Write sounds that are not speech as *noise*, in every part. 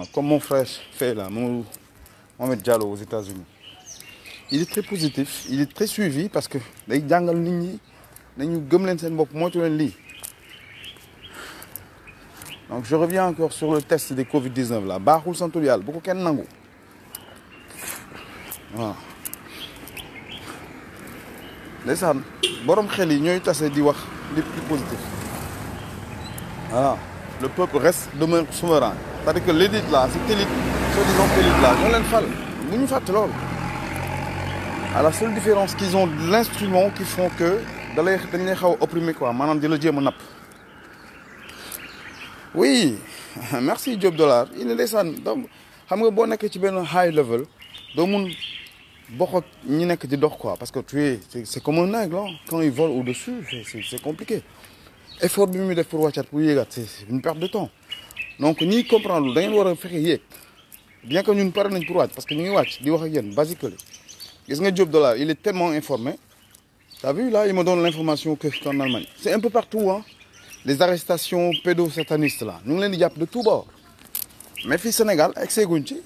Hein, comme mon frère fait là, mon, Mohamed Diallo aux États-Unis. Il est très positif, il est très suivi parce que les gens qui ont nañu gëm leen seen Donc je reviens encore sur le test des Covid-19 là Barou santul beaucoup bu ko kenn nangu waaw. ndeysaan borom xel yi ñooy di plus positif voilà le peuple reste souverain c'est-à-dire que l'élite là cette élite soi-disant élite là ñoo leen fal bu ñu fàtte à la seule différence qu'ils ont l'instrument qui font que da tenir dañ xaw opprimer quoi maanaam di la dire mon app. oui *laughs* merci Job Dollar il ne ndeysaan donc xam nga boo nekkee ci un high level doo mun beaucoup ak ñi nekk dors dox quoi parce que tu es c'est comme un aigle hein. quand il vole au-dessus c'est compliqué effort de muy def pour wàccaat pour c'est une perte de temps donc nous comprenons bien que ne parlons pas de droite, parce que nous avons wàcc di wax basique il est tellement informé Tu as vu là il me donne l'information que je en Allemagne c'est un peu partout hein. les arrestations pédosatanistes là Nous, ngi leen de tout bord mais *laughs* le Sénégal avec ses ci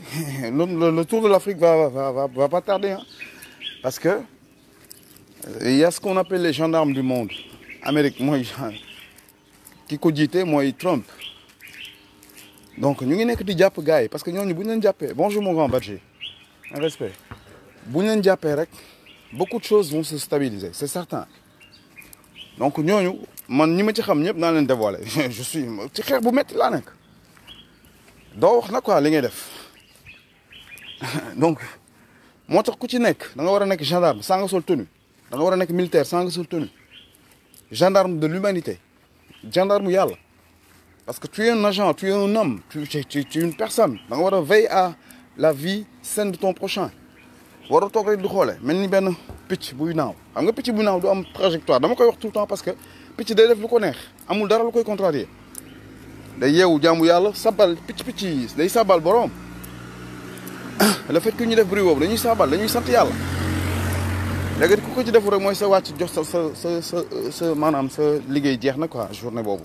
le tour de l'Afrique va va pas tarder hein. parce que il y a ce qu'on appelle les gendarmes du monde Amérique moi, *laughs* qui ko moi, ils Trump donc nous sommes nekk di nous parce que nous avons dit bonjour mon grand Badji un respect beaucoup de choses vont se stabiliser c'est certain donc nous, man ñi ci xam je suis ci bu donc nous tax ku ci nekk da nga gendarme sans soutenu. da militaire sans gendarme de l'humanité gendarme yàlla parce que tu es un agent, tu es un homme, tu, tu, tu, tu es une personne. Donc, voilà, veille veiller à la vie saine de ton prochain. waroo toog rek di xoolee mel ni benn picc buy naaw xam nga picc buy naaw du am trajectoire dama koy wax tout le temps parce que picc day def lu ko neex amul dara lu koy contrarier day yeewu jaamu yàlla sabal picc picc yi day sabal boroom *coughs* le fait que ñu def bruit boobu dañuy sabal dañuy sant yàlla Da nga ko ci def rek moy sa wacc jox sa sa sa sa sa maanaam sa liggéey jeex na quoi journée bobu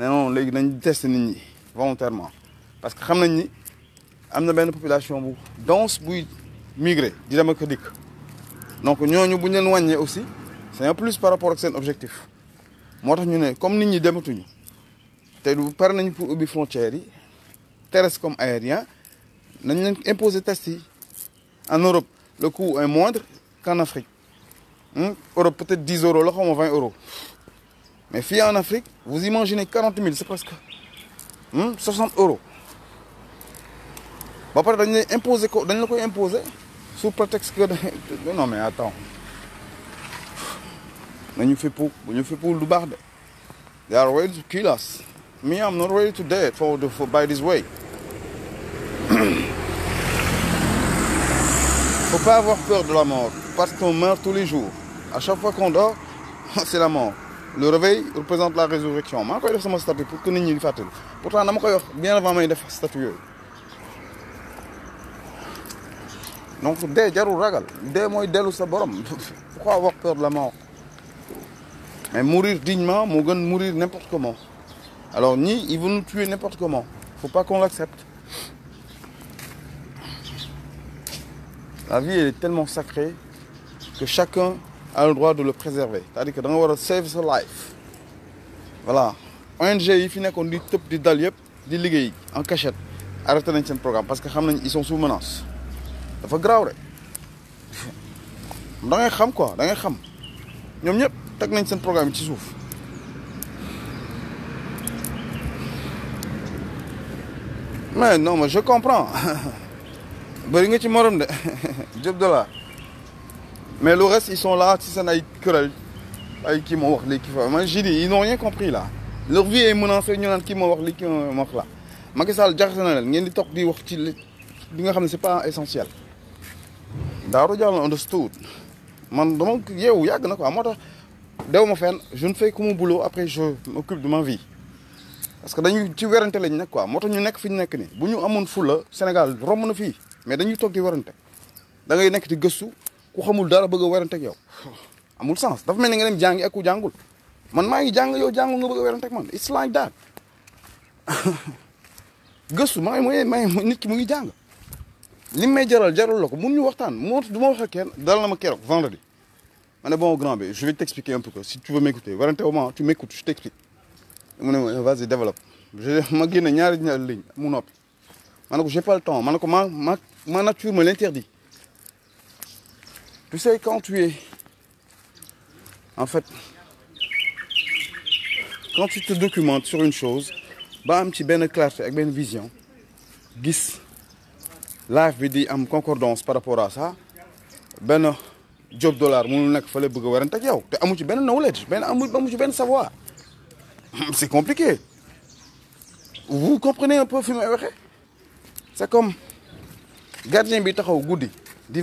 Nous non volontairement parce que nous avons une population dense qui migrer di donc nous, sommes nous leen aussi c'est un plus par rapport à cet objectif comme nous, ñi dematuñu te du pour les frontières yi terres comme aérien nous avons imposé des tests. en Europe le coût est moindre qu'en Afrique hmm? Europe peut-être 10 euros là, 20 euros mais filles en Afrique, vous imaginez 40 000, c'est presque 60 hmm, euros. Bah, par imposé, imposé sous prétexte que. *laughs* Non, mais attends. Nous fait pour, nous fait pour le They are ready to kill us. Me, I'm not ready to die for, for by this way. *clears throat* Faut pas avoir peur de la mort, parce qu'on meurt tous les jours. À chaque fois qu'on dort, *laughs* c'est la mort le réveil représente la résurrection Je koy def sama statut pour que nit ñi pourtant dama koy bien avant may def statut donc dès que ragal dès mooy dellu sa borom *laughs* pourquoi avoir peur de la mort mais mourir dignement moo mourir n'importe comment alors ni ils vont nous tuer n'importe comment faut pas qu'on l'accepte la vie est tellement sacrée que chacun a le droit de le préserver c'est-à-dire que dans le sa life voilà ONG yi fi nekkoon di tëb di dal yëpp di en cachette Arrêtez nañ programme parce que xam ils sont sous menace dafa grave..! rek da ngay xam quoi da ngay xam ñoom ñëpp teg nañ programme qui ci mais non mais je comprends *laughs* bëri nga ci morom de *laughs* Diop mais le reste, ils sont là, les Moi, j'ai dit, ils n'ont rien compris là. Leur vie est menacée, ils n'ont qui m'ont là. Macky Sall jaxana ngeen di tok di wax ci li nga xamné c'est pas essentiel Darou Diallo tout man dama yow yag na quoi motax dewma fenn je ne fais que mon boulot après je m'occupe de ma vie parce que dañu ci wérante lañ nak quoi motax ñu nek fi ñu nek ni bu ñu amone fula Sénégal rom na fi mais dañu tok di wérante da ngay nek di gëssu ku xamul dara bëgg si ak yow amul sens dafa mel ni nga dem ne ak ku jàngul man yow nga ak man it's like that *laughs* gëstu maa ngi may nit ki mu ngi li may jaral jarul la du dal na ma vendredi ne bon grand bi je vais t'expliquer un peu si tu veux m'écouter tu m'écoutes je t'explique mu ne vas-y développe je ma génne ñaari mu ko j'ai pas le temps ko ma ma nature me l'interdit tu sais, quand tu es. En fait, quand tu te documentes sur une chose, tu as une ben clarté avec une vision gis life bi concordance par rapport à ça Ben, job dollar job nek fële Tu as werante yow te amu ci knowledge ben, amu savoir *laughs* c'est compliqué vous comprenez un peu fi c'est comme gardien bi taxaw goudi di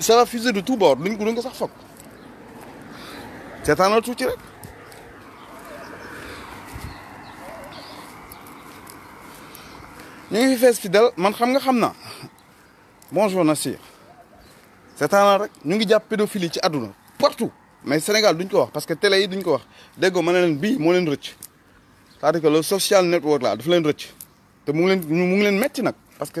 C'est la fusée de tout bord nous ne pouvons pas C'est un autre rek Nous, fidèle bonjour Nassir Nous rek ñu ngi pédophilie partout mais Sénégal duñ parce que télé yi duñ ko wax c'est-à-dire que le social network là nous parce que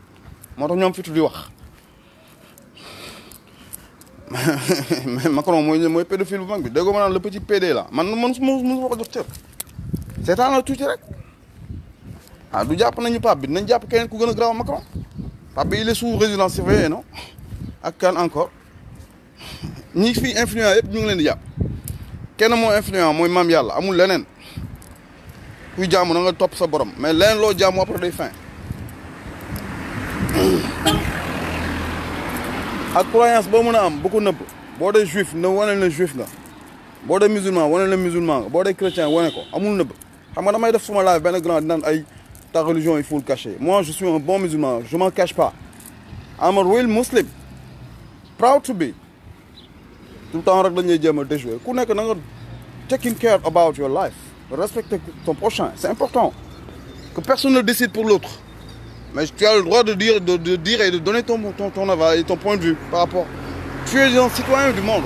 moo ñom fi tuddi di wax *laughs* Macron moy moy pédophile bu mag bi déggoo man naan le petit PD la man man su ma su ma ko jox cër seetaan la tuuti rek ah du japp nañu pap bi dinañ japp keneen ku gëna a Macron pap bi il est sous résidence surveillée non ak kan encore ñi fi influent yépp ñu ngi leen di japp kenn moo influent mooy mam yàlla amul leneen kuy jaamu na nga topp sa borom mais leneen loo jaamu après day fin ak croyance boo mën a am bu ko nëbb boo dee juif na wane na juif nga boo dee musulman wane na musulman nga boo chrétien wane ko amul nëbb xam nga damay def suma live benn grand naan ay ta religion il faut le cacher moi je suis un bon musulman je m'en cache pas I'm a real muslim proud to be tout le temps rek dañuy jéem a déjouer ku nekk na nga taking care about your life respecter ton prochain c'est important que personne ne décide pour l'autre mais tu as le droit de dire, de, dire et de donner ton, ton, ton aval et ton point de vue par rapport. Tu es un citoyen du monde.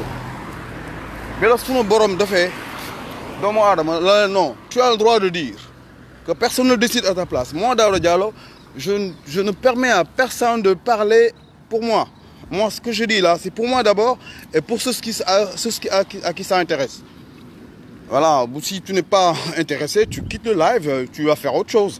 Mais lorsque nous borom de fait, non, tu as le droit de dire que personne ne décide à ta place. Moi, dans le dialogue, je ne permets à personne de parler pour moi. Moi, ce que je dis là, c'est pour moi d'abord et pour ceux, qui, qui, à, qui, à qui ça intéresse. Voilà, si tu n'es pas *laughs* intéressé, tu quittes le live, tu vas faire autre chose.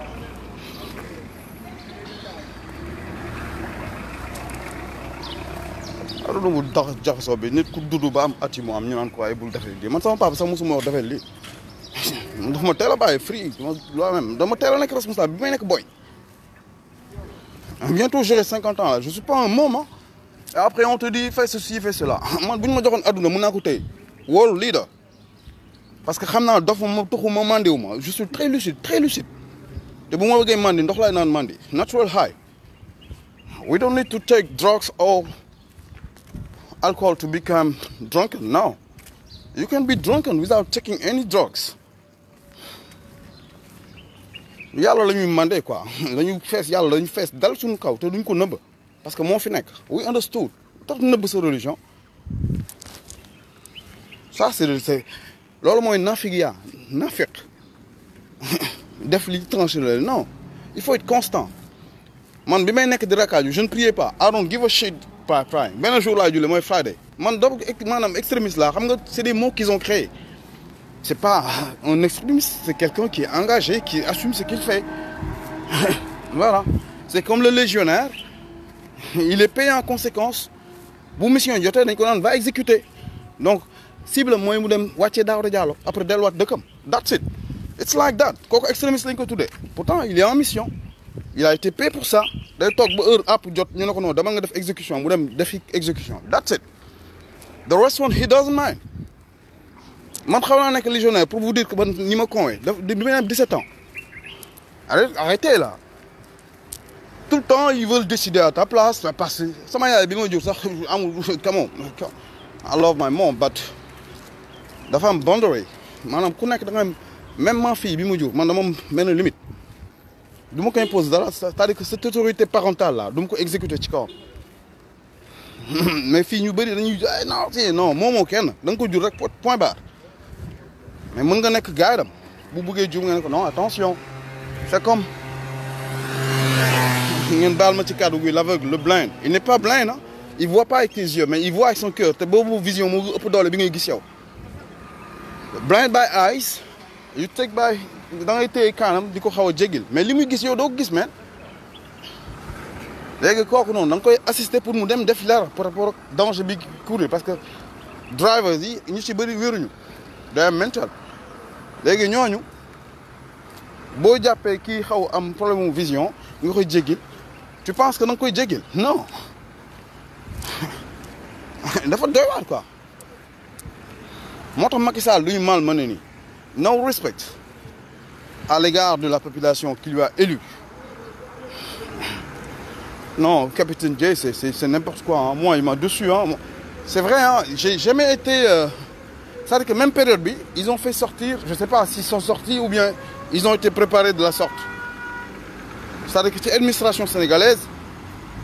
wara lu mu dax jaxasoo bi nit ku dudd ba am at mu am ñu naan ko waaye bul defel lii man sama papa sax musuma wax defel li *laughs* dafa ma teel a bàyyi free loi même dama teel nek nekk responsable bi may nek boy bientôt j'aurai 50 ans là je suis pas un môme hein. et après on te dit fais ceci fais cela *laughs* man buñ ma joxone aduna mën naa ko tey wol li da parce que xamna naa ma tuxu ma mandiwu ma je suis très lucide très lucide de bu ma bëggee mandi ndox laay naan mandi natural high we don't need to take drugs or alcohol to become drunken. No. You can be drunken without taking any drugs. Yalla la mandé quoi la fess Yalla yàlla fess dal suñu kaw té duñ ko neub parce que mo fi nek. we understood tax neub sa religion ça c'est lolu moy nafiq yaa nafiq *laughs* def li tranché non il faut être constant man bi may nek di rakaaju je ne priais pas I don't give a shit pas prime un jour là, julli mooy Friday man donc maanaam extrémiste c'est des mots qu'ils ont créés c'est pas un extrémiste c'est quelqu'un qui est engagé qui assume ce qu'il fait *laughs* voilà c'est comme le légionnaire il est payé en conséquence bu mission jotee dañ ko va exécuter donc cible moi, mu dem wàccee Daouda après wat dëkkam that's it it's like that kooku extrémiste ko pourtant il est en mission il a été payé pour ça Il a ba heure pour jot ñu a non dama nga def exécution mu dem exécution that's it the rest one he doesn't mind man pour vous dire que ni ma 17 ans arrêtez là tout le temps ils veulent décider à ta place parce que sama bi ma Je sax *laughs* *laughs* come I love my mom but the am boundary manam ku nek da même ma fille bi mu man limite je ma ko impose dara c'est-à-dire que cette autorité parentale là je ne ko exécuter ci filles, mais fii ñu dañuy ah, non non moi kenn je ne ko pas. » rek point barre mais mën nga nekk gaayadam bu bëggee jur nga non attention c'est comme ngeen baal ma ci kàddu gi l'aveugle le blind il n'est pas blind ah il voit pas avec tes yeux mais il voit avec son cœur te boobu vision C'est ëpp doole bi ngay blind by eyes you take by dangay ngay kanam diko di ko xaw jégil mais limuy gis yow do gis men légui kooku non dang koy assister pour mu dem def leer par rapport danger bi courir parce que drivers yi ñu ci bari wëruñu day am mental légui ñooñu bo jappé ki xaw am problème mu vision nga koy jégil tu penses que dang koy jégil non *laughs* dafa doy war quoi motax tax Macky Sall duñu mal mané ni no respect à l'égard de la population qui lui a élu. Non, Capitaine Jay, c'est n'importe quoi. Hein. Moi, il m'a dessus. Hein. C'est vrai, hein, j'ai jamais été. Euh, c'est-à-dire que même période ils ont fait sortir, je ne sais pas s'ils sont sortis ou bien ils ont été préparés de la sorte. C'est-à-dire que l'administration sénégalaise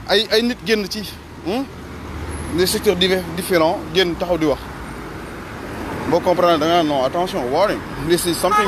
a une hein, des secteurs différents, viennent taxaw di wax. comprendre non attention warning, this is something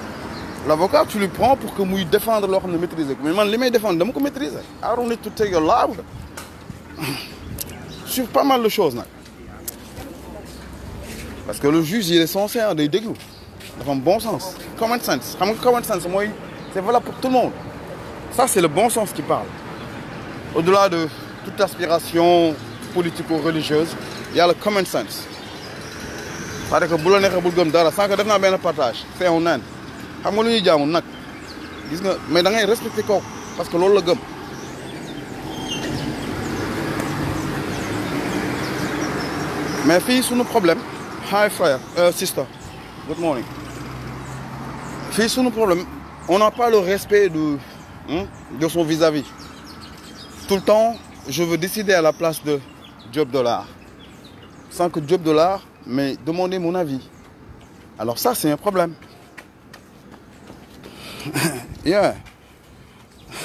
l'avocat tu lui prends pour que nous défendre l'ordre de maîtriser mais man li may défendre dama Alors maîtriser est tout à là, sur pas mal de choses parce que le juge il est censé être hein, des déglu un bon sens common sense common sense Moi, c'est voilà pour tout le monde ça c'est le bon sens qui parle au-delà de toute aspiration politico-religieuse il y a le common sense parce que la partage c'est un âne je ne sais pas jaamu mais da ngay respecté parce que loolu la gëm mais fii un problème hi frère euh, sister good morning fii un problème on n'a pas le respect de hein, de son vis-à-vis tout le temps je veux décider à la place de Job Dollar sans que Job Dollar m'ait demandé mon avis alors ça c'est un problème *laughs* yeah.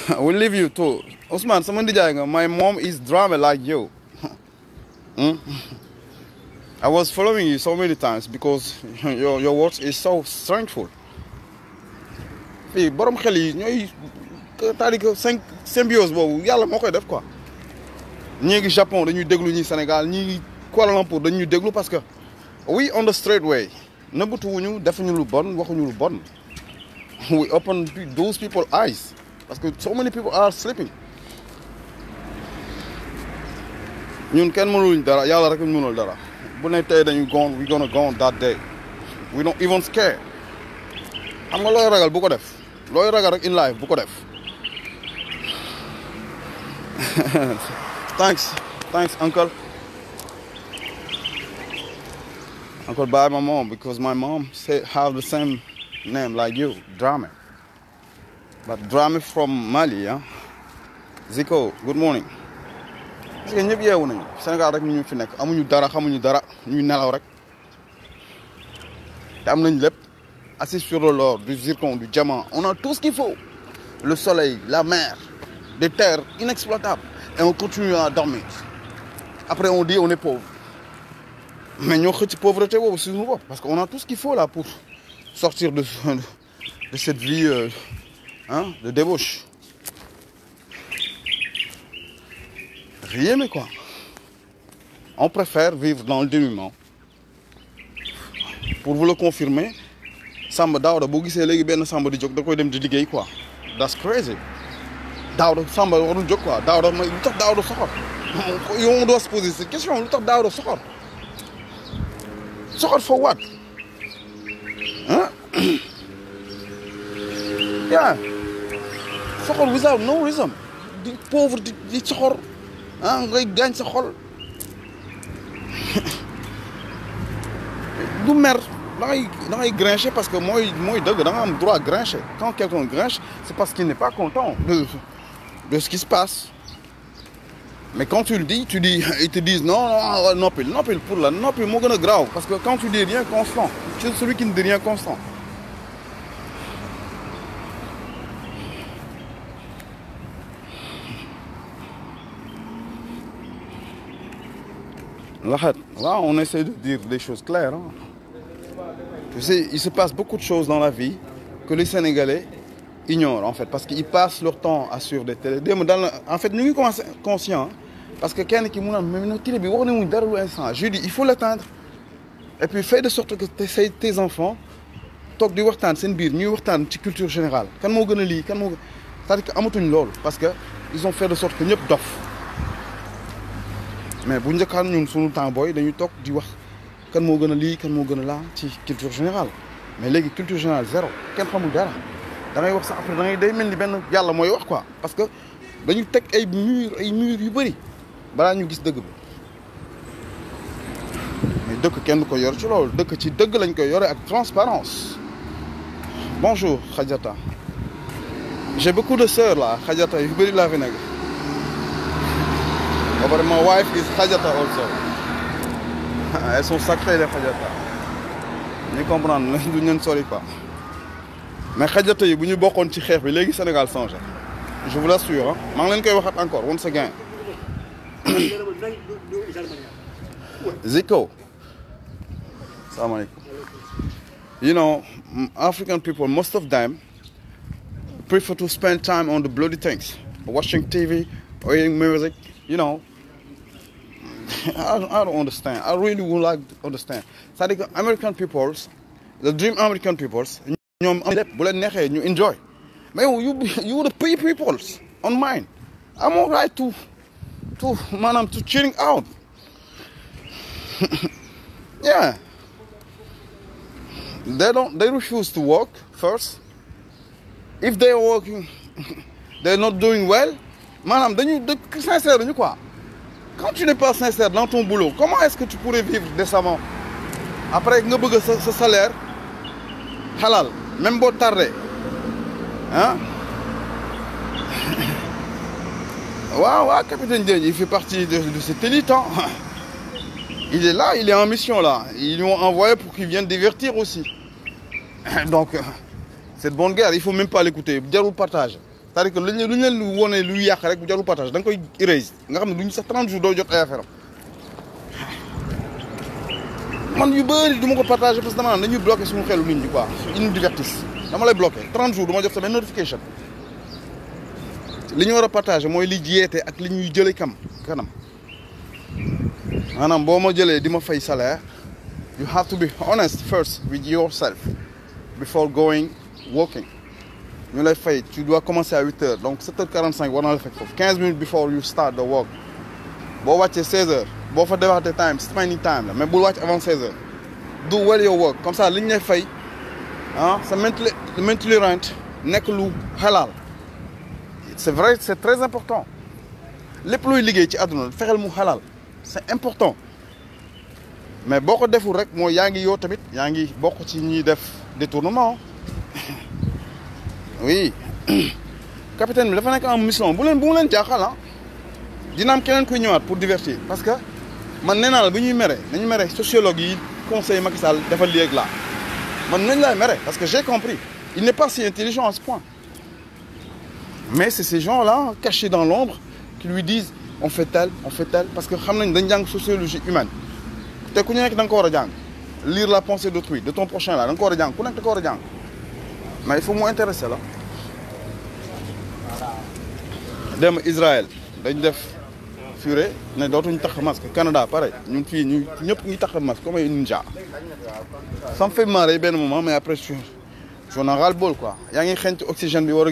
we will leave you too. Osman, Someone dia my mom is drama like you. *laughs* hmm? *laughs* I was following you so many times because your, your words is so strengthful. fii borom xel you ñooy c'est-à-dire que syn symbiose boobu yàlla moo koy def quoi ñii ngi Japon dañuy déglu ni Sénégal ñii ngi Kuala Lumpur dañuy déglu parce que we on the straight way Number you definitely lu What waxuñu you born? *laughs* we open those people's eyes because so many people are sleeping ñun kenn we gonna on that day we don't even scare I'm a lawyer, i ko def looy ragal rek in life bu ko def *laughs* thanks thanks uncle uncle buy my mom because my mom have the same name like you, Drame. But Drame from Mali, yeah? Zico, good morning. parce que ñëpp yeewu nañu Sénégal rek ñu fi nekk amuñu dara xamuñu dara ñu nelaw rek Té am nañ lépp assis sur le l'or du zircon du diamant on a tout ce qu'il faut le soleil la mer des terres inexploitables et on continue à dormir après on dit on est pauvre mais ñoo xëcc pauvreté suñu parce qu'on a tout ce qu'il faut là pour sortir de, *laughs* de cette vie euh, hein, de débauche. Rien mais quoi. On préfère vivre dans le dénuement. Pour vous le confirmer, Samba Daouda, si vous avez ben Samba di de quoi dem di liguey quoi. That's crazy. Daouda Samba warul jog quoi. Daouda mais lu tax Daouda soxor. *laughs* On doit se poser cette question, lu tax Daouda soxor. Soxor for what? hein *coughs* yeah. Soxor without no reason. Di pauvre di di ils hein, Ah ngay gagne sa xol. *coughs* du mer da ngay da ngay grincher parce que moi moi deug da nga am droit grincher quand quelqu'un grinche c'est parce qu'il n'est pas content de de ce qui se passe. Mais quand tu le dis, tu dis, ils te disent non, non, non, ah, non, pour la, non, mon grave. Parce que quand tu dis rien constant, tu es celui qui ne dit rien constant. Là, on essaie de dire des choses claires. Hein. Tu sais, il se passe beaucoup de choses dans la vie que les Sénégalais ignorent, en fait, parce qu'ils passent leur temps à sur des télé télés. En fait, nous sommes conscients. Hein, parce que quelqu'un qui mu naan mais je dis il faut l'atteindre et puis fais de sorte que tes enfants toog di c'est seen la culture générale Quand ça, c'est-à-dire que amatuñ parce que ils ont fait de sorte que nous dof mais ils ont ñun suñu temps ils dañuy toog di wax kan moo gën a ça, kan moo ça, culture générale mais la culture générale zéro Quand xamul dara ça wax ça après day ça. parce que ay mur ay mur mais transparence bonjour Khadiata j'ai beaucoup de sœurs là Khadiata je bëri la ma wife is Khadiata aussi. *laughs* elles sont sacrées les Khadiata comprends, comprendre ne sortons pas mais Khadiata Sénégal je vous l'assure Je hein. vous encore Zico. You know, African people, most of them prefer to spend time on the bloody things, watching TV, or hearing music, you know. *laughs* I, don't, I don't understand. I really would like to understand. cest American peoples, the dream American peoples, you enjoy. Mais you, you the pay peoples on mine. I'm alright to Madame, tu to chilling out yeah they don't they refuse to work first if they are working *laughs* they're not doing well Madame, dañu sincère quoi quand tu n'es pas sincère dans ton boulot comment est-ce que tu pourrais vivre décemment après ne bëgg pas ce salaire halal même bon tardé Hein *laughs* Ouais, ouais, capitaine il fait partie de, cette élite. Hein. Il est là, il est en mission là. Ils l'ont envoyé pour qu'il vienne divertir aussi. Donc, cette bonne guerre, il ne faut même pas l'écouter. Diarou partage. C'est-à-dire que le on est lui lu yàq rek partage Donc Il koy Il nga a 30 jours de jot ay man yu beuri du ko partager parce que dama nañu bloqué suñu xelu nit ñi quoi ils nous divertissent dama lay bloqué 30 jours du ma jot sa notification li ñu war a partager mooy li jiyeete ak li ñuy jëlee kam kanam maanaam boo ma jëlee di ma fay salaire you have to be honest first with yourself before going working ñu lay fay ci dois commencer a huit heures donc sept heures quarante cinq war na la fekk foofu quinze minutes before you start the work boo wàccee seize heures boo fa dépassé time spending time la mais bul wàcc avant seize heures do well your work comme ça li ñu lay fay ah sa maintenu maintenu rent nekk lu xalaal c'est vrai c'est très important Les plus liggéey ci àdduna fexeel mu halal, c'est important mais boo ko deful rek mooy yaa ngi tamit yaa beaucoup de ci des def détournement oui *coughs* capitaine bi dafa nekk en mission bu leen bu mu leen jaaxal ah dina am keneen ñëwaat pour divertir parce que man nee naa la bu ñuy mere sociologie sociologue yi conseil Macky Sall dafa lii ak laa man nañ parce que j'ai compris il n'est pas si intelligent à ce point mais c'est ces gens-là, cachés dans l'ombre, qui lui disent on fait tel, on fait tel, parce que nous dañ jang sociologie humaine. Té ku nek lire la pensée d'autrui, de ton prochain là, dang ko wara jang, ku nek Mais il faut moins intéresser là. Dem Israël dañ def furé né dootuñ tax masque Canada pareil, ñun fi ñu ñëpp tax masque comme une ninja. Ça me fait marrer un moment mais après je suis j'en ai ras le bol quoi. Ya ngi xent oxygène bi wara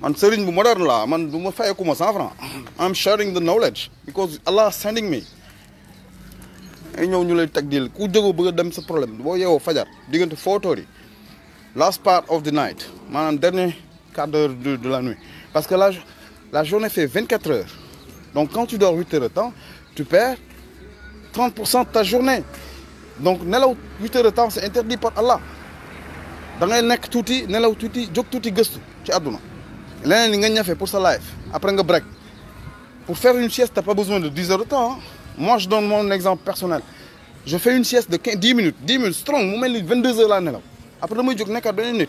man serigne bu moderne la man du ma fayeku ma I'm sharing the knowledge because Allah sending me ay ñëw ñu lay ku jëgo bëgg sa problème bo yéwo fajar fotori last part of the night dernier quart d'heure de la nuit parce que la la journée fait 24 heures donc quand tu dors 8 heures de temps tu perds 30% de ta journée donc nelaw 8 heures de temps c'est interdit par Allah da ngay nekk tuuti nelaw ci Là, pour sa life après un break pour faire une sieste tu n'as pas besoin de 10 heures de temps hein. moi je donne mon exemple personnel je fais une sieste de 10 minutes 10 minutes strong 22 heures après je jóg nekkaat beneen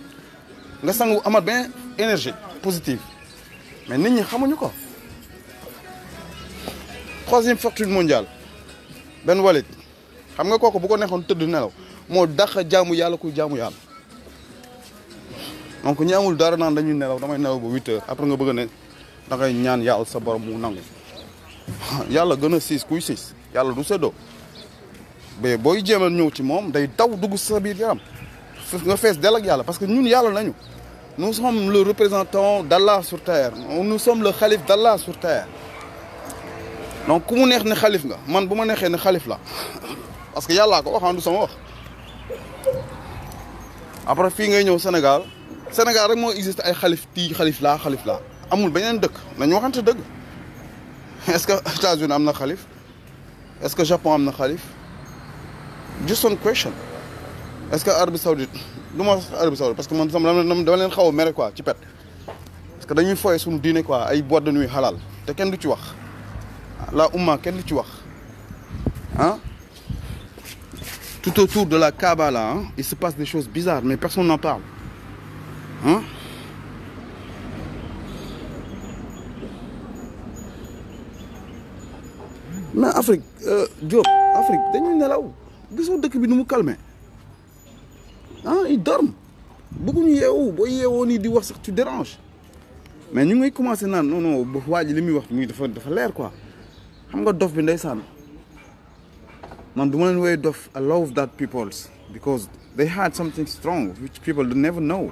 Je suis énergie positive mais nit ñi savent pas. troisième fortune mondiale Ben Walid xam nga kooku bu ko neexoon tëdd nelaw moo a jaamu donc ñi amul dara nan dañuy nelaw damay nelaw ba 8h après nga bëgg ne da ngay ñaan yàlla sa borom mu n'ang. *laughs* yalla gëna sis kuy sis yalla du seddoo mais boy jéem ñëw ci mom day daw dugg sa biir yaram nga fess del ak yalla parce que ñun yalla nañu nous sommes le représentant d'Allah sur terre nous sommes le xalif d'Allah sur terre donc ku mu neex ne xalif nga man buma ma neexee ne xalif la *laughs* parce que yalla ko waxandu ah, du sama wax après fi ngay ñëw Sénégal Sénégal rek mo existe ay là. ti xalif la xalif la amul beneen dëkk nañu waxante deug est-ce que États-Unis amna na est-ce que Japon amna Khalif? just one question est-ce que Arabie Saoudite du Arabie Saoudite parce que man sama dama len xaw a quoi ci pet parce que dañuy fooye suñu diine quoi ay boîte de nuit halal te kenn du ci wax la umma kenn du ci wax Hein? tout autour de la Kaaba là hein, il se passe des choses bizarres mais personne n'en parle mais Afrique euh, Diop Afrique dañuy nelaw gisoo dëkk bi nu mu calmé ah ils dorment bëgguñu yeewu boo yeewoo nii di wax sax tu déranges mais ñu ngi commencé naan non non ba waa ji li muy wax muy dafa dafa leer ko xam nga dof bi ndeysaan man du ma leen woy dof I love that peoples because they had something strong which people do never know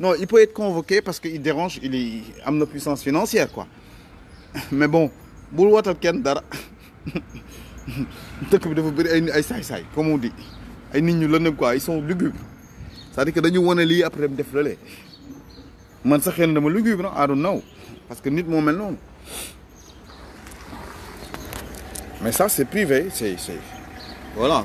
Non, il peut être convoqué parce qu'il dérange, il a une puissance financière quoi. Mais bon, bul vous dara comme on dit ils ils sont lugubres c'est-à-dire que dañu est lié après me def man non, I don't know parce que nous de mais ça c'est privé c'est voilà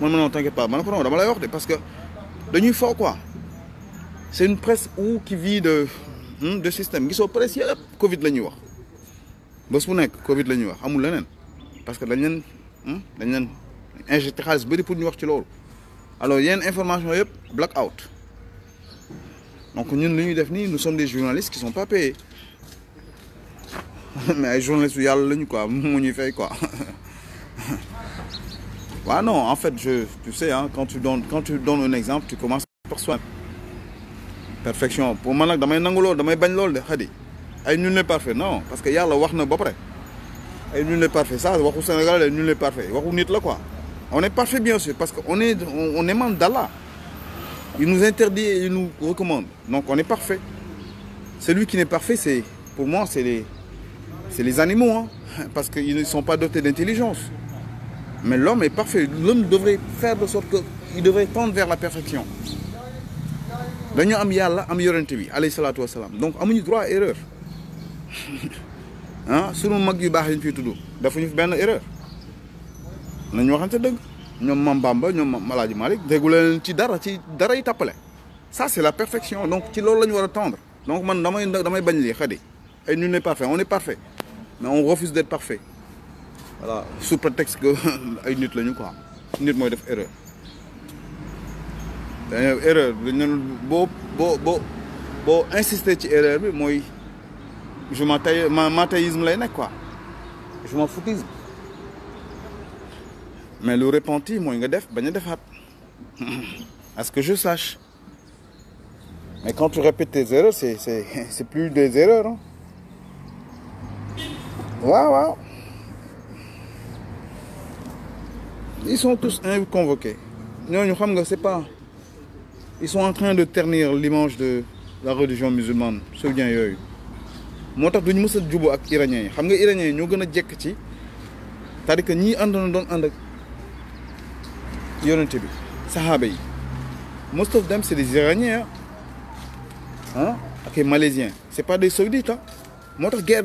moi ma non t'inquiète pas ma ne ko non dama lay wax de parce que dañuy fo quoi c'est une presse où qui vit de hmm, de système sont pressés yëpp Covid la ñuy wax bés bu Covid la ñuy wax amul parce que dañ leen hmm, dañ leen injecté xaalis bëri pour ñu wax ci loolu alors une information yëpp black out donc ñun li ñuy def nous sommes des journalistes qui sont pas payés *laughs* mais ay journalistes yu yàlla lañu quoi *laughs* moo fay quoi. *laughs* Ah non, en fait, je, tu sais, hein, quand, tu donnes, quand tu donnes un exemple, tu commences par soi. Perfection. Pour moi, dans suis nangolo, je suis bagnol de Hadi. Et nul n'est parfait, non, parce que Yalla la le ba pas Et nul n'est parfait, ça waxu Sénégal nul n'est parfait. Waxu nit la quoi. On est parfait bien sûr parce qu'on est on, est membre d'Allah. Il nous interdit et il nous recommande. Donc on est parfait. Celui qui n'est parfait, c'est pour moi, c'est les c'est les animaux hein, parce qu'ils ne sont pas dotés d'intelligence. Mais l'homme est parfait. L'homme devrait faire de sorte qu'il devrait tendre vers la perfection. dañu am y am yorente bi alayhi salaatu salam. donc amuñu droit erreur erreurs. *laughs* Ah, sunu mag yu baax yi ñu fiy il faut faire fi benn erreur nañu waxante dëgg ñoom Mam Bamba ñoom malik. leen ci dara ci dara ça c'est la perfection donc ci loolu la ñu attendre. tendre donc man damay damay bañ lii Et ay n'est parfait on est parfait mais on refuse d'être parfait voilà sous prétexte que *laughs* ay nit lañu quoi nit moy def erreur dañoo erreur dañu bo bo bo bo insister ci erreur bi moy je m'en taille ma mathéisme lay nek quoi je m'en foutisme mais le repenti moy nga def baña a à ce que je sache mais quand tu répètes tes erreurs c'est c'est *laughs* c'est plus des erreurs Waouh! Hein. waaw Ils sont tous convoqués. Nous, pas. Ils sont en train de ternir l'image de la religion musulmane. C'est bien eux. motax duñu ak cest most of them c'est des iraniens hein? ak malaisiens c'est pas des saudites ah. guerre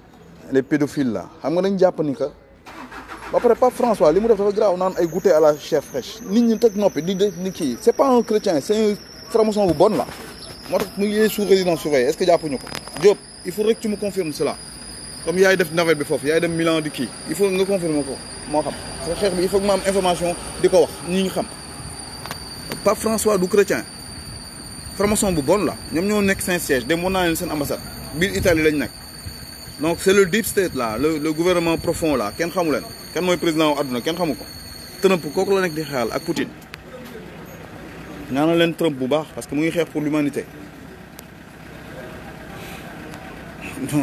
les pédophiles là xam nga dañ japp ni que ba pare pas François limu def dafa grave naan ay goûter à la chair fraîche nit ñi tek nopi di def ni c'est pas un chrétien c'est un franc-maçon bu bonne la moo mu ngi sous résidence surveillée est-ce que jàppuñu ko. Job, il faut rek tu me confirmes cela comme yaay def navette bi fofu, yaay dem Milan di qui il faut nga confirmer ko Mo xam sa xeex bi il faut que ma am information diko ko wax ñi ñu xam Pape François du chrétien franc bu bonne la Ñom ñoo nek Saint-Siège dem mën naa leen seen ambassade Bir Italie lañ nekk donc c'est le deep state là le gouvernement profond là Ken xamu leen kenn mooy président Aduna Ken kenn ko Trump kooku la nekk di xeexal ak Poutine ñaanal leen Trump bu parce que mon ngi pour l'humanité *laughs*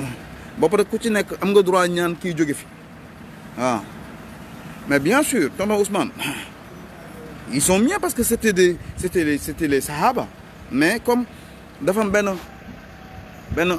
Bon pour ku ci nekk am nga droit ñaan kii jóge fi ah. mais bien sûr Thomas Ousmane *laughs* ils sont bien parce que c'était des c'était les c'était les sahaba mais comme dafa ben, ben,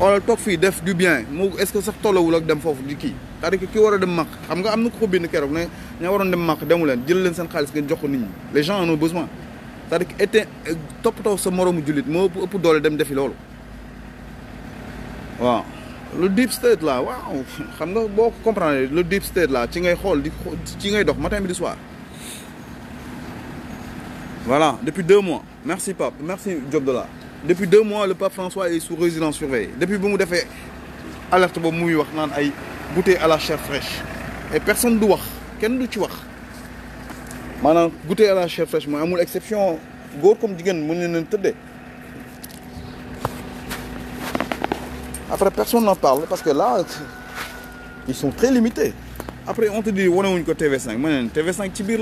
xoolal toog fii def du bien mu est-ce que sax tollawul ak dem foofu di kii c'est-à-dire que ki war a dem màq xam nga am na ko bind keroog ne ña waroon dem màq demu leen jël leen seen xaalis ngeen jox ko nit ñi les gens en ont besoin c'est-à-dire que été euh, toppatoo sa moroomu jullit moo ëpp ëpp doole dem defi loolu waaw le deep state là waaw xam nga boo comprendre le deep state là ci ngay xool di ci ngay dox matin midi soir voilà depuis deux mois merci Pape merci Diop de la depuis deux mois le pape François est sous résidence surveillée depuis ba mu alerte boobu muy wax naan ay à la chair fraîche et personne ne doit. Quel du ci wax Maintenant, goûté à la chair fraîche a une exception góor comme jigéen une exception. après personne n'en parle parce que là ils sont très limités après on te dit wanewuñ ko TV5 TV5 ci biir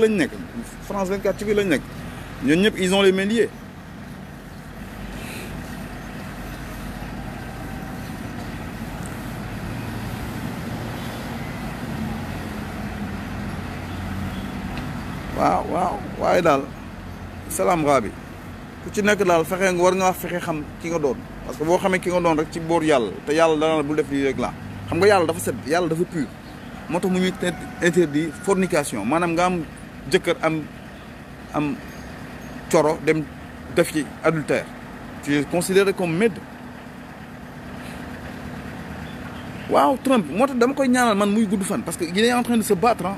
France 24 ci biir ils ont les médias. Wow, wow, wow, dal. Salam Si tu dal. war xam parce que vous xamee ki nga doon rek ci te la bul def lii rek laa xam nga la dafa set yàlla dafa pur interdit fornication Moi, nga am un am am dem def adultère tu es considéré comme med waaw Trump moo dama koy fan parce qu'il est en train de se battre hein.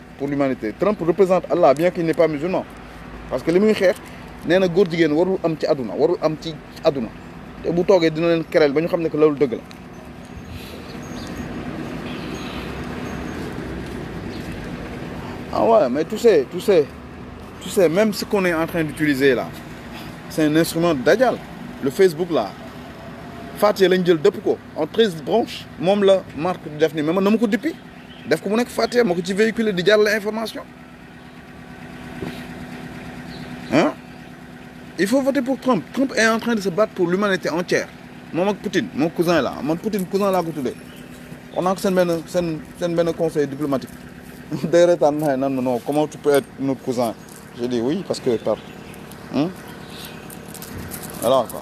l'humanité Trump représente Allah bien qu'il n'est pas musulman parce que les muy n'est pas na góor jigéen warul am ci aduna warul am ci aduna te bu toogee dina len bañu ne que la ah ouais mais tu sais tu sais tu sais même ce qu'on est en train d'utiliser là c'est un instrument de le Facebook là Fatia lañ jël depp ko en 13 branches même la marque def ni mais man ko def ko mu nekk ci véhiculer di l'information, information hein? il faut voter pour Trump Trump est en train de se battre pour l'humanité entière moom ak Poutine mon cousin là. Mon Poutine cousin là ko tuddee on a un conseil diplomatique *laughs* day retaan naxee non comment tu peux être notre cousin j'ai dit oui parce que par alors hein? quoi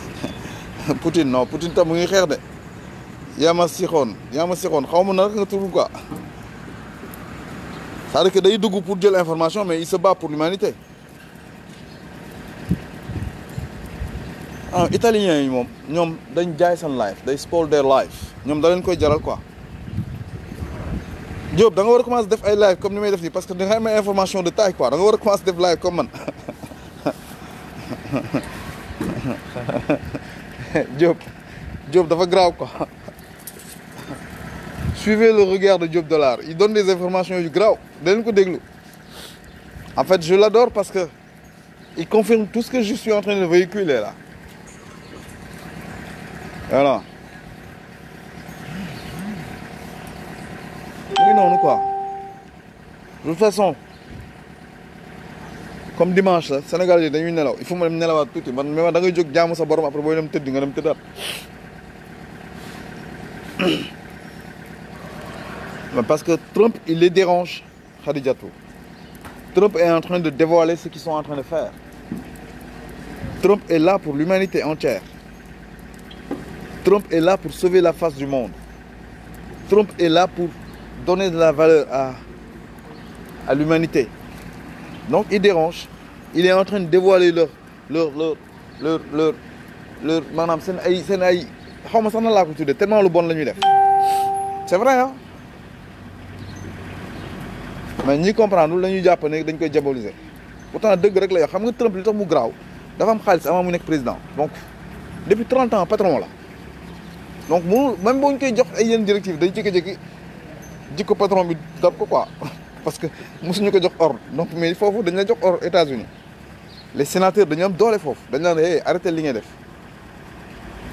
*laughs* Poutine non Poutine tam mu ngi xeex de Yama ma sixoon yaa ma sixoon xaw ma naka nga quoi cest dire que day dugg pour dire information mais il se bat pour l'humanité ah italiens yi moom des dañ jaay seen life day spoil their life Ils ont leen koy jaral quoi Job, da nga war a commencer def ay live comme ni may def parce que tu nga am information de taille quoi da nga war a commencer def live comme man. *laughs* *laughs* Diop Diop dafa grave quoi suivez le regard de Diop Dollar il donne des informations du grave donne ko en fait je l'adore parce que il confirme tout ce que je suis en train de véhiculer là voilà Oui non non quoi de toute façon comme dimanche là, Sénégal est dañuy nelaw il faut que dem nelawaat tuuti mais même da ngay sa borom après dem nga *coughs* parce que Trump il les dérange Khadija. Trump est en train de dévoiler ce qu'ils sont en train de faire Trump est là pour l'humanité entière Trump est là pour sauver la face du monde Trump est là pour donner de la valeur à à l'humanité donc il dérange. Il est en train de dévoiler leur. leur. leur. leur. leur. leur maanaam seen ay sen ay xawma sax na la ko tuddee tellement lu bon la def c'est vrai hein? mais ñi comprendre la lañuy japp ne dañ koy jaboliser. pourtant deug rek la yoo xam nga Trump li tax mu graw dafa am xaalis avant mu nek président donc depuis 30 ans patron la donc mu même boo koy jox ay directive, directives day jékki-jékki jikko patron bi dab ko quoi parce que mosuñu ko jox ordre donc mais il dañ la jox ordre États-Unis les sénateurs dañu am doole foofu dañ la ne arrêté li def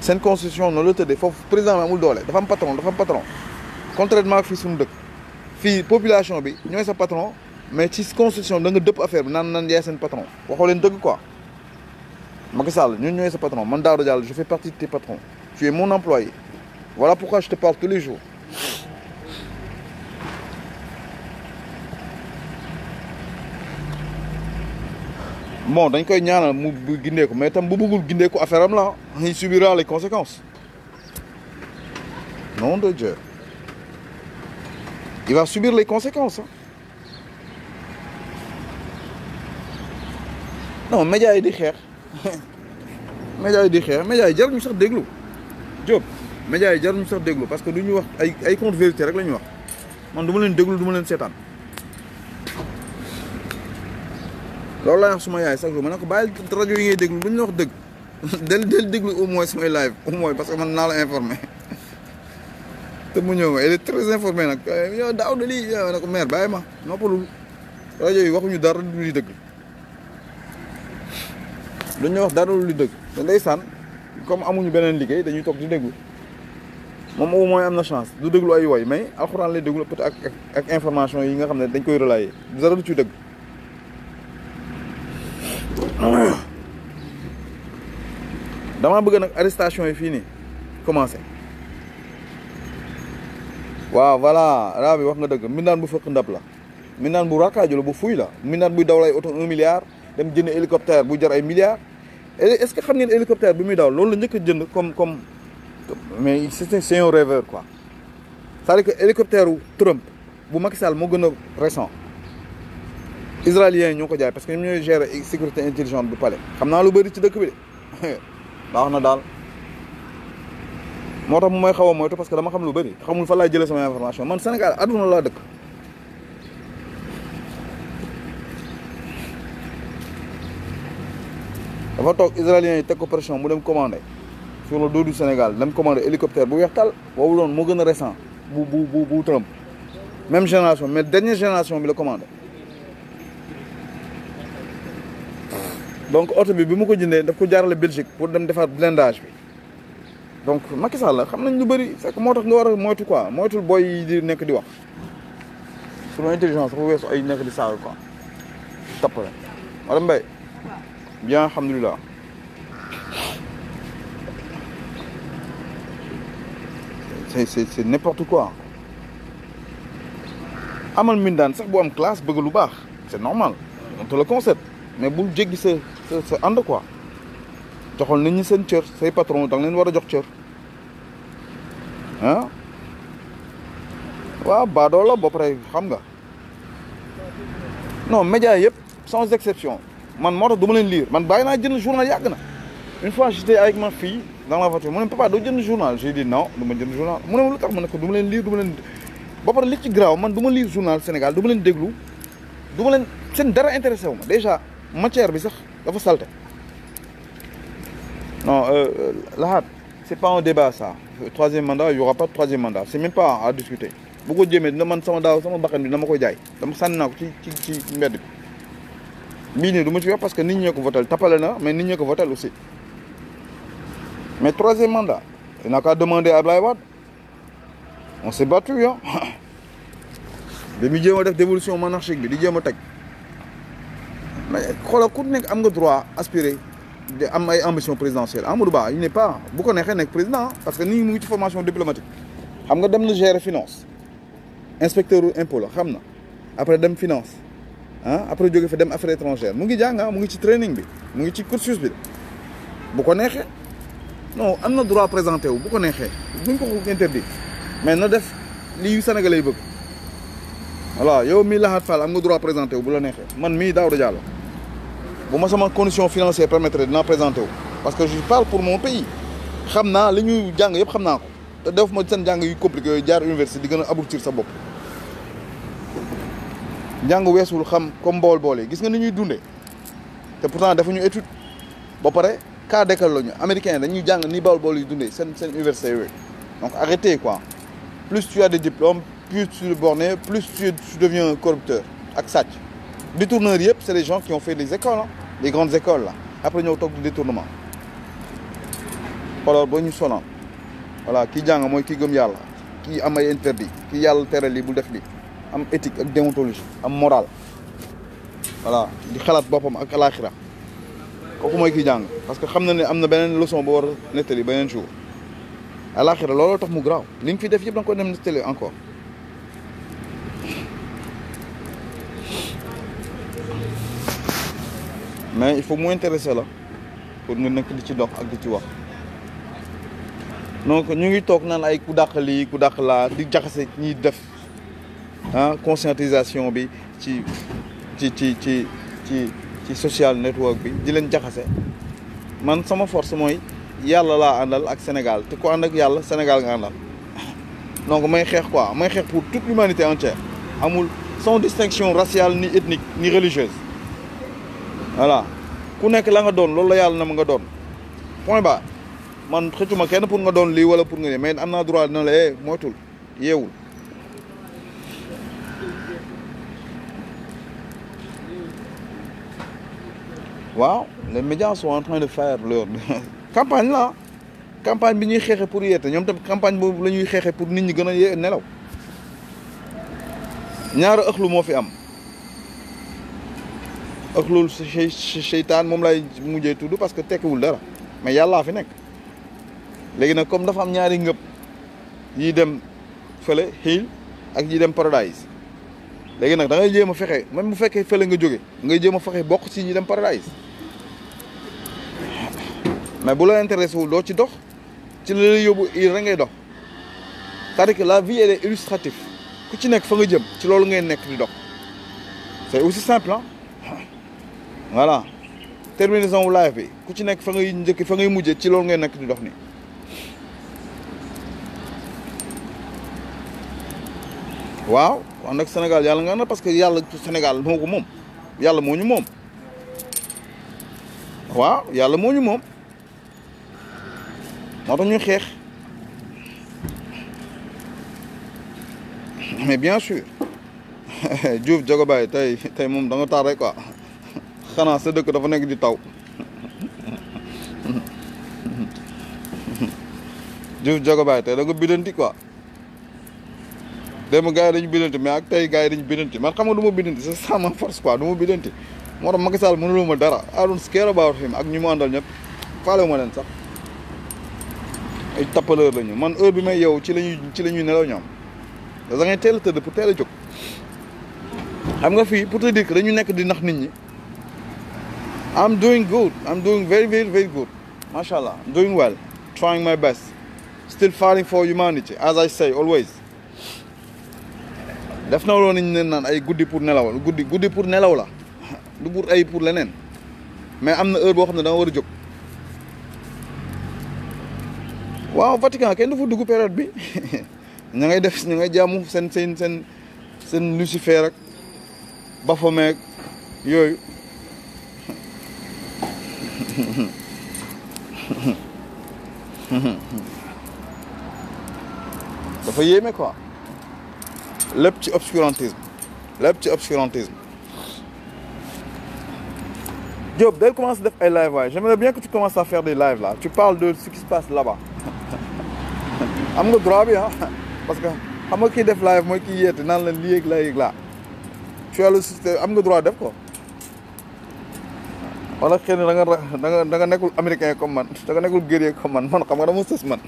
seen constitution non la des foofu président bi amul doole dafa patron dafa patron contrairement à fils de, population bi Nous sa patron mais ci constitution da nga dëpp affaire nan naan naan yaay patron waxoo leen dëgg quoi Macky Sall nous sommes sa patron man je fais partie de tes patrons tu es mon employé voilà pourquoi je te parle tous les jours bon dañ koy ñaanal mu gindee ko mais tam bu bëggul gindee ko affaire am la il subira les conséquences Non, de Dieu il va subir les conséquences hein. non *laughs* médias yi di xeex médias yi di xeex médias yi jaruñu sax déglu Diop médias yi jaruñu sax déglu parce que du ñu wax ay ay contre vérité rek la ñuy wax man du ma leen déglu du ma leen seetaan loolu laay wax suma yaay sax lu manako bayil radio yi ngay déglu buñ la wax dëgg del del déglu au moins samay live au moins parce que man na la informer *laughs* te mu ñëw elle est très informée nak euh, yo daaw de li nak mer bayima mère radio ma noppalul rajo yi waxuñu dara du li dëgg duñ ñu wax dara lu li da ngay san comme amuñu benen liggéey dañuy tok di déglu mom au moins amna chance du déglu ay way mais alcorane lay déglu peut ak ak information yi nga xamne dañ koy relayer dara du ci dëgg *clears throat* damaa bëgg nag arrestation yi fii nii commencé waaw voilà Rabi wax nga dëgg mbindaan bu fëkk ndab la mbindaan bu rakkaaju la bu fuy la mbindaan buy daw lay oto un milliard dem jënd hélicoptère bu jar ay milliards est-ce que xam ngeen hélicoptère bi daw loolu la njëkk a jënd comme comme mais c'est un rêveur quoi cest que hélicoptère Trump bu Macky Sall moo gën a récent israéliens yi ko jaay parce que ñu ñooy gérer sécurité intelligente du palais xamna lu bari ci dëkk bi de *laughs* baax na daal mu may xaw moytu parce que dama xam lu bari xamul fa laay jëlee sama information man Sénégal àdduna la dëkk. dafa tok israéliens yi teg ko pression mu dem commander sur le dos du Sénégal dem commander hélicoptère bu weex tal boobu loon moo récent bu bu bu bu Trump même génération mais dernière génération bi le commander donc auto bi bimu ko jëndee daf ko jaarale Belgique pour dem defar blindage bi donc Macky Sall la xam nañ lu bëri c'est que moo nga wara moytu quoi moytul boy yi di nek di wax sunu intelligence bu weesu ay nek di saaga quoi tappale madame Mbaye bien alhamdoulillah. c'est c'est c'est n'importe quoi amal mindaan sax bu am classe bëgg lu baax c'est normal on te le concède mais bul jéggi sa sa ànd quoi joxal ni ñi seen cër say patron da nga leen war a jox cër ah waaw baadoo la ba pare xam nga non média yëpp sans exception man moo tax du ma leen lire man bàyyi naa jënd journal yàgg na une fois j'étais avec ma fille dans la voiture mu ne papa doo jënd journal j'ai dit non du ma jënd journal mu ne lu tax ma ne ko du ma leen lire du ma leen li ci graaw man du ma lire journal Sénégal du ma leen déglu du ma seen dara intéressé wu ma déjà matière bi sax Euh, euh, c'est non pas un débat ça troisième mandat il n'y aura pas de troisième mandat ce n'est même pas à discuter Beaucoup de gens demandent man sama daaw sama mandat, mandat, le parce que les ko na mais n'y aussi mais troisième mandat il n'a qu'à demander à Blaïwad. on s'est battu hein *laughs* dévolution monarchique mais xoolal ku nekk am nga droit aspirer de am ay ambition présidentielle Amourba, il n'est pas bu ko neexee nekk président parce que ni une formation diplomatique xam nga dem na gérer finance inspecteur u impôt la xam après dem finance Hein? après jóge fa dem affaires étrangères mu ngi jànga ah, mu ci training bi mu ci cursus bi bu ko non am droit présenté wu bu ko neexee buñ ko interdit mais na def lii Sénégalais yi bëgg voilà yow mii Fall am nga droit présenté wu bu la neexee man mi Daouda Diallo bu ma sama condition financière permettre dinaa présenté wu parce que je parle pour mon pays xam naa li ñuy jàng yëpp xam naa ko te def ma seen jàng yu compliqué yooyu jaar université di gën a aboutir sa bopp njàng weesul xam comme mbool boole gis nga ni ñuy dundee te pourtant dafa ñu étude ba pare cas d'école la ñu américain yi dañuy jàng ni bol bol yi dundee seen seen université yooyu donc arrêtez quoi plus tu as des diplômes plus tu es borné plus tu deviens corrupteur ak sàcc les c'est les gens qui ont fait les écoles les hein. grandes écoles Après, après ont fait le détournement alors ba ñu voilà dit-on mooy kii gëm yàlla qui a interdit qui a tere def am éthique ak déontologie am morale voilà di ak parce que xam sais ne benen leçon a nettali jour alaaxira looloo tax mu encore mais il faut moins intéresser là, pour ne nekk di ci dox ak di ci wax donc ñu ngi toog naan ay ku dàq lii ku dàq laa di jaxase def hein, conscientisation bi ci ci ci ci ci ci social network bi di leen jaxasse man sama force moy yalla la andal ak Sénégal te ko and ak yalla Sénégal nga andal donc may xex quoi may xex pour toute l'humanité entière amul sans distinction raciale ni ethnique ni religieuse voilà ku nekk la nga doon loolu la yàlla na ma nga doon point ba man xëccuma kenn pour nga doon lii wala pour nga ne mais am naa droit dina la eh, moytul yeewul waaw les médias sont en de faire leur *laughs* campagne la campagne bi ñuy xeexe pour yeete ñoom tamit campagne boobu la ñuy xeexe pour nit ñi gën a nelaw ñaar ëxlu moo fi am ak loolu seytaan moom lay mujjee tudd parce que tekkiwul dara mais yàllaa fi nekk léegi nag comme dafa am ñaari ngëb yi dem fële xiil ak yi dem paradise léegi nag da ngay jéem a fexe même bu fekkee fële nga jóge ngay jëm a fexe bokk si ñi dem paradise mais bu la intéressé wul doo ci dox ci la lay yóbbu il ngay dox cest à que la vie elle est illustrative ku ci nekk fa nga jëm ci loolu ngay nekk di dox c'est aussi simple voilà terminaison wu live bi ku ci nekk fa ngay njëkk fa ngay mujjee ci loolu ngay nekk di dox ni waaw wax nag Sénégal yàlla nga na parce que yàlla Sénégal moo ko moom yàlla moo ñu moom waaw yàlla moo ñu moom moo tax ñu xeex mais bien sûr *laughs* Diouf Jogobaay tay tay mom da nga tar rek quoi xanaa sa dëkk dafa nekk di taw Diouf Jogobaay tey da nga bidanti quoi démb gars yi dañu bidanti mais ak tey man xam nga du ma bidanti c'est ça ma force quoi du bidanti moo tax Macky Sall mënuloo ma dara I don't about him ak ñu mu àndal ñëpp faale ma leen sax ay tappaleur lañu man heure bi may yow ci lañuy ci la nelaw ñoom da ngay teel tëdd pour teel a jóg nga fii pour te dire que dañu nekk di nax nit ñi I'm doing good. I'm doing very, very, very good. Mashallah, I'm doing well. Trying my best. Still fighting for humanity, as I say always. def na woon nañ leen naan ay guddi pour nelaw la guddi guddi pour nelaw la *laughs* am na heure boo xam ne da nga war a jóg waaw Vatican kenn dafa dugg période bi *laughs* ña ngay def ña ngay jaamu seen Lucifer ak Baphomet dafa yéeme quoi Le petit obscurantisme Le petit obscurantisme Diop dès que tu commences à faire lives, lives, j'aimerais bien que tu commences à faire des lives là tu parles de ce qui se passe là-bas as le droit bien, ah. parce que je nga des def live qui y est, dans la lii yëg laa yëg tu as le système am nga droit def wala xéne da nga da nga da nga nekul américain comme ya, man da nga nekul guerrier comme ya, man man xam nga dama sës man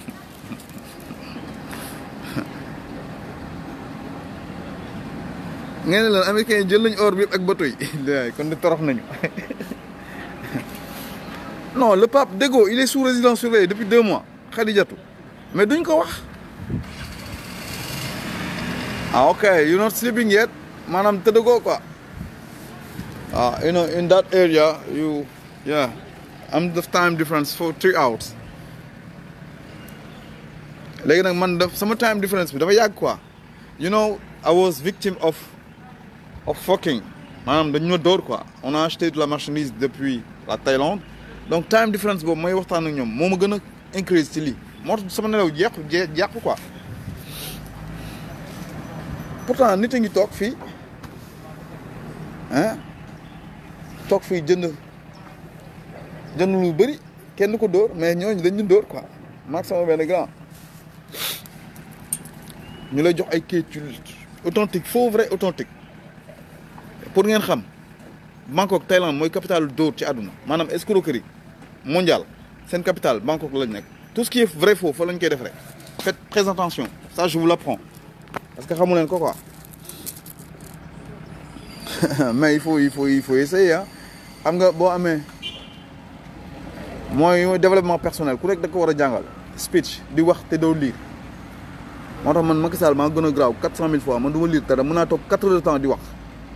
ngeen la américain jël nañ or bi ak batoy day *laughs* kon di torox nañu *laughs* non le pape Dego il est sous résidence surveillée depuis deux mois Khadijatou mais duñ ko wax ah ok you not sleeping yet manam tëdd ko quoi uh, you know in that area you yeah i am the time difference for three hours Like nag man daf time difference bi you know I was victim of of fucking Man, the new dóor quoi on a acheté de la marchandise depuis la Thaïlande donc time difference boobu may waxtaan ak ñoom moo ma increase ci lii moo tax sama nelaw jeex jeex quoi pourtant nit a ngi toog fii tok fi jënd jënd lu bëri kenn ko dóor mais ñooñu dañ ñu dóor quoi max sama benn grand ñu lay jox ay kayit yu authentique faux vrai authentique pour ngeen xam Bangkok Thaïlande mooy capitale d'or ci aduna maanaam escroquerie mondial seen capitale Bangkok lañ nekk tout ce qui est vrai faux fa lañ koy def rek faites très attention ça je vous l'apprends parce que xamu leen ko quoi *laughs* mais il faut il faut il faut essayer hein xam nga boo amee mooy développement personnel ku rek da ko speech di wax te doo lire moo tax man Macky fois man du ma de temps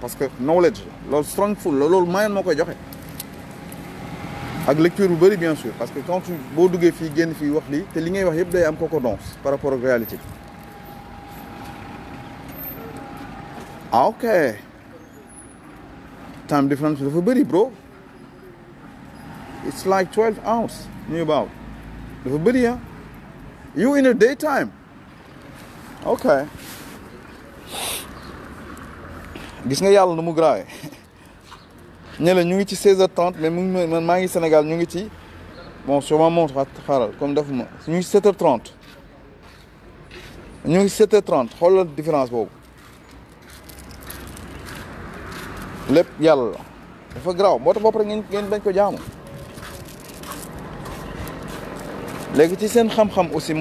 parce que knowledge loolu strong full la moyen ak lecture bu bien sûr parce que quand tu duggee fii génn fii wax li ngay concordance par rapport la réalité ah, ok time difference dafa bëri bro it's like 12 hours new about dafa bëri ya you in the daytime okay gis nga yàlla nu mu graawé ñu la ñu ngi ci 16h30 mais mu man maa ngi Sénégal ñu ngi ci bon sûrement montre xaaral comme defuma ñu ngi 7h30 ñu ngi 7h30 xoolal différence boobu Le yàlla dafa garaaw moo tax ngeen bañ ko jaamu aussi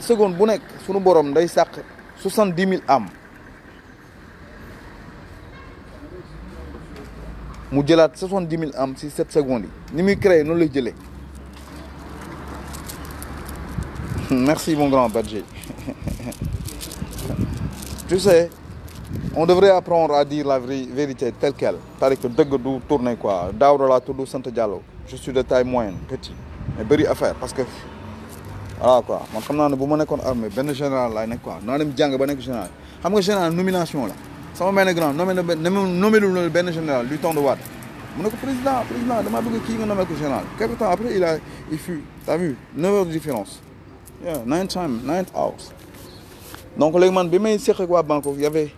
secondes bu nekk sunu borom day sàq soixante am mu jëlaat soixante am sept secondes yi ni muy créé merci mon grand berger *laughs* tu sais on devrait apprendre à dire la vérité telle qu'elle cest que dëgg du tourner quoi Daouda laa tudd sant Diallo je suis de taille moyenne petit mais bëri affaire parce que voilà quoi comme comme naa ne bu armée le général là, nekk quoi naa dem jàng ba nekk général xam nga général nomination là. sama benn grand nommé le benn nommé général du temps de Wade mu ko président président damaa bëgg qui nga nommé ko général quelque temps après il a il fut t'as vu neuf heures de différence yeah nine time nine hours donc léegi man bi may séq ak waa Bangkok y avait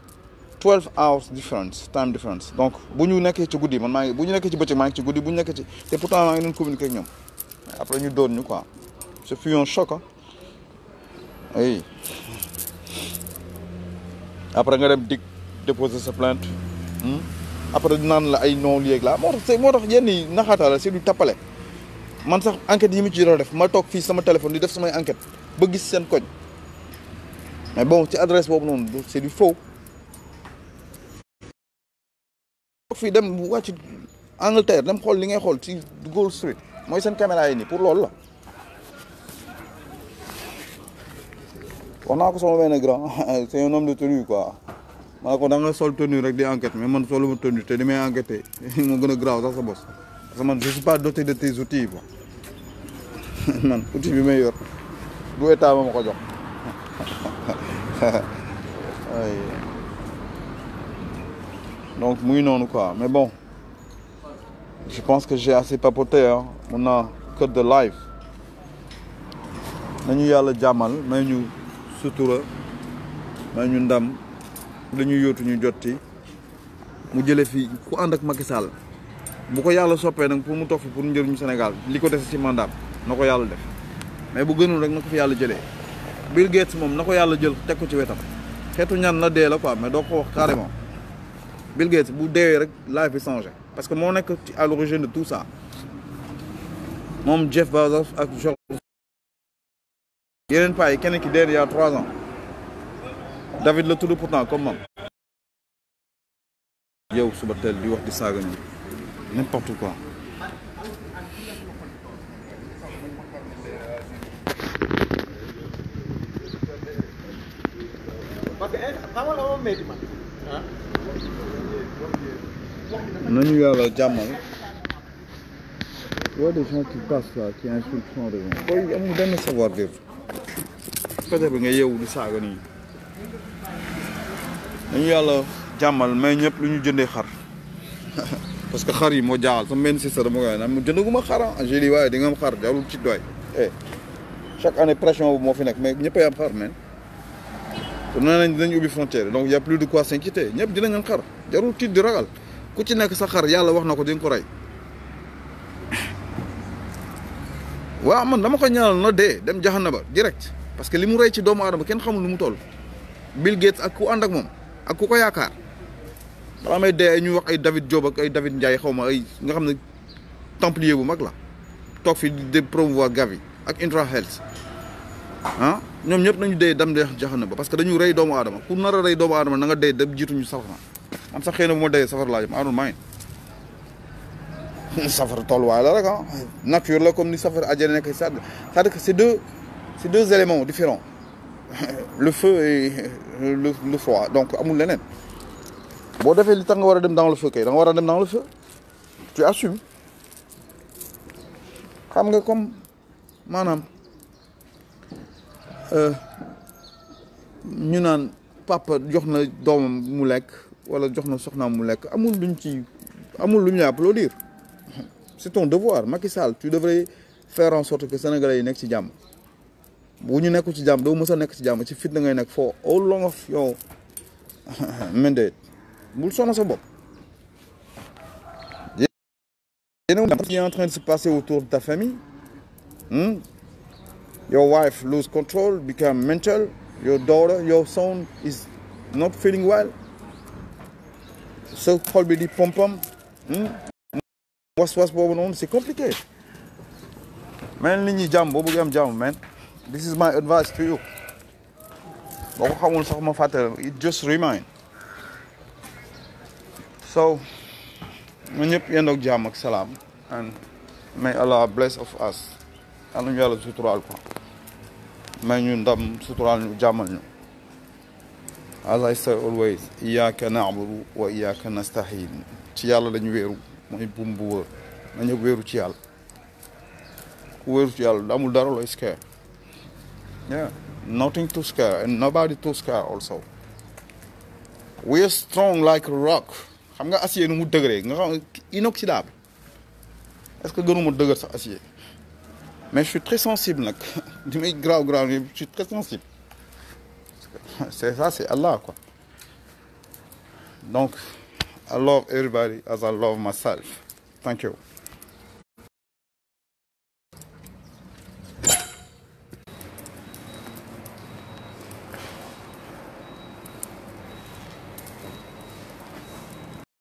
12 hours difference time difference donc bu ñu nekkee ci guddi man maa ngi bu ñu nekkee ci bëccëg maa ci guddi bu ñu ci te pourtant maa ngi doon communiquer ak ñoom après ñu doon ñu quoi ce fut un choc ah après nga dem dig déposer sa plainte hmm. après naan la ay non liéeg la moo tax moo tax yenn yi naxaata la c'est du tappale man sax enquête yi mu ci doon def ma toog fii sama téléphone di def samay enquête ba gis seen koñ mais bon ci adresse boobu noonu c'est du faux. fii dem bu wàcc Angleterre dem xool li ngay xool ci Gold Street mooy seen caméra yi nii pour loolu la. wax naa ko sama benn grand *laughs* c'est un homme de tenue quoi ma ne ko da nga sol tenue rek di enquête mais man soluma tenue te li may enquêté *laughs* moo gën a grave sax sa parce que man je suis pas doté de tes outils quoi *laughs* man outil bi may yor du état ma ma ko jox. *laughs* donc oui non quoi mais bon je pense que j'ai assez papoté hein on a que de life nañu yàlla jàmmal may ñu sutura may ñu ndam li ñu jotti mu pour mu toog pour Sénégal mandat mais bu gënul rek Bill Gates mom nako yalla yàlla jël teg ko ci wétam xeetu ñan la dé la quoi mais do ko wax carrément Bill Gates bu déwé rek life bi changé parce que mo nek ci à l'origine de tout ça mom Jeff Bezos ak George yeneen pay yi kenn ki dee il y a trois ans David le tudd pourtant comme mom yow suba tel di wax di saaga ñi n'importe quoi parce que yàlla jàmmal. y a des gens qui passent là qui insultent sans raison. booy savoir vivre. peut bi nga yeewu di saaga nii. nañu yàlla jàmmal mais ñëpp lu ñu jëndee xar. *laughs* parce que xar yi moo jaaxal sama benn si dama koy naan mu jëndaguma xar ah j'ai dit waaye di nga am xar jarul ci doy. eh chaque année pression moo fi nekk mais ñëppay am xar nee nañ dinañ ubbi frontière donc y' a plus de quoi s'inquiéter ñëpp dinañ am xar jarul tiit di ragal ku ci nekk sa xar yàlla wax na ko di nga ko rey waaw man dama ko ñaanal no dé dem jahanaba direct parce que limu ray ci doomu adam kenn xamul lu mu toll Bill Gates ak ku ànd ak moom ak ku ko yaakaar dama may dé ñu wax ay David job ak ay David Ndiaye xawma ay nga xam templier bu mag la tok fi di promouvoir Gavi ak Intra Health ah ñoom ñëpp nañu dee dem de jaxana ba parce que dañu rey doomu aadama ku nar a rey doomu aadama na nga dee dem jiituñu safara man sax xëy na bu ma dee safara laa jëm aadul maa ngi safara tolluwaay la rek ah nature la comme ni safara àjjana nekk c'est-à-dire que c'est deux c'est deux éléments différents *laughs* le feu et *laughs* le froid donc amul leneen boo defee li tax nga war a dem dans le feu kay war a dem dans le tu assumes xam nga comme maanaam. Euh, nous papa joxna mu lek wala joxna soxna mu amul ci applaudir c'est ton devoir Makissal, tu devrais faire en sorte que sénégalais yi nekk ci jàmm buñu ñu ci do ci long of yo. *laughs* Mende sa nous, en train de se passer autour de ta famille. Hmm? your wife lose control, become mental, your daughter, your son is not feeling well. So probably the pom pom. Hmm? What's what's going on? C'est compliqué. Man, ligne jam, bobo jam jam, man. This is my advice to you. Bobo It just remind. So, ñun ñëpp yendoo ak jàmm ak and may Allah bless of us. yàlla ñu yàlla suturaal may ndam suturaal ñu jàmmal ñu as I say always iyyaka na'budu wa iyyaka nasta'in ci lañu wéeru mooy buum bu wër na ñëpp ci yàlla ku wéeru ci yàlla amul dara looy scare yeah nothing to scare and nobody to scare also we are strong like rock xam nga acier nu mu dëgëree nga xam inoxydable est que gënu ma dëgër sax acier mais je suis très sensible *laughs* grave, je suis très sensible c'est ça c'est Allah quoi donc I love everybody as I love myself thank you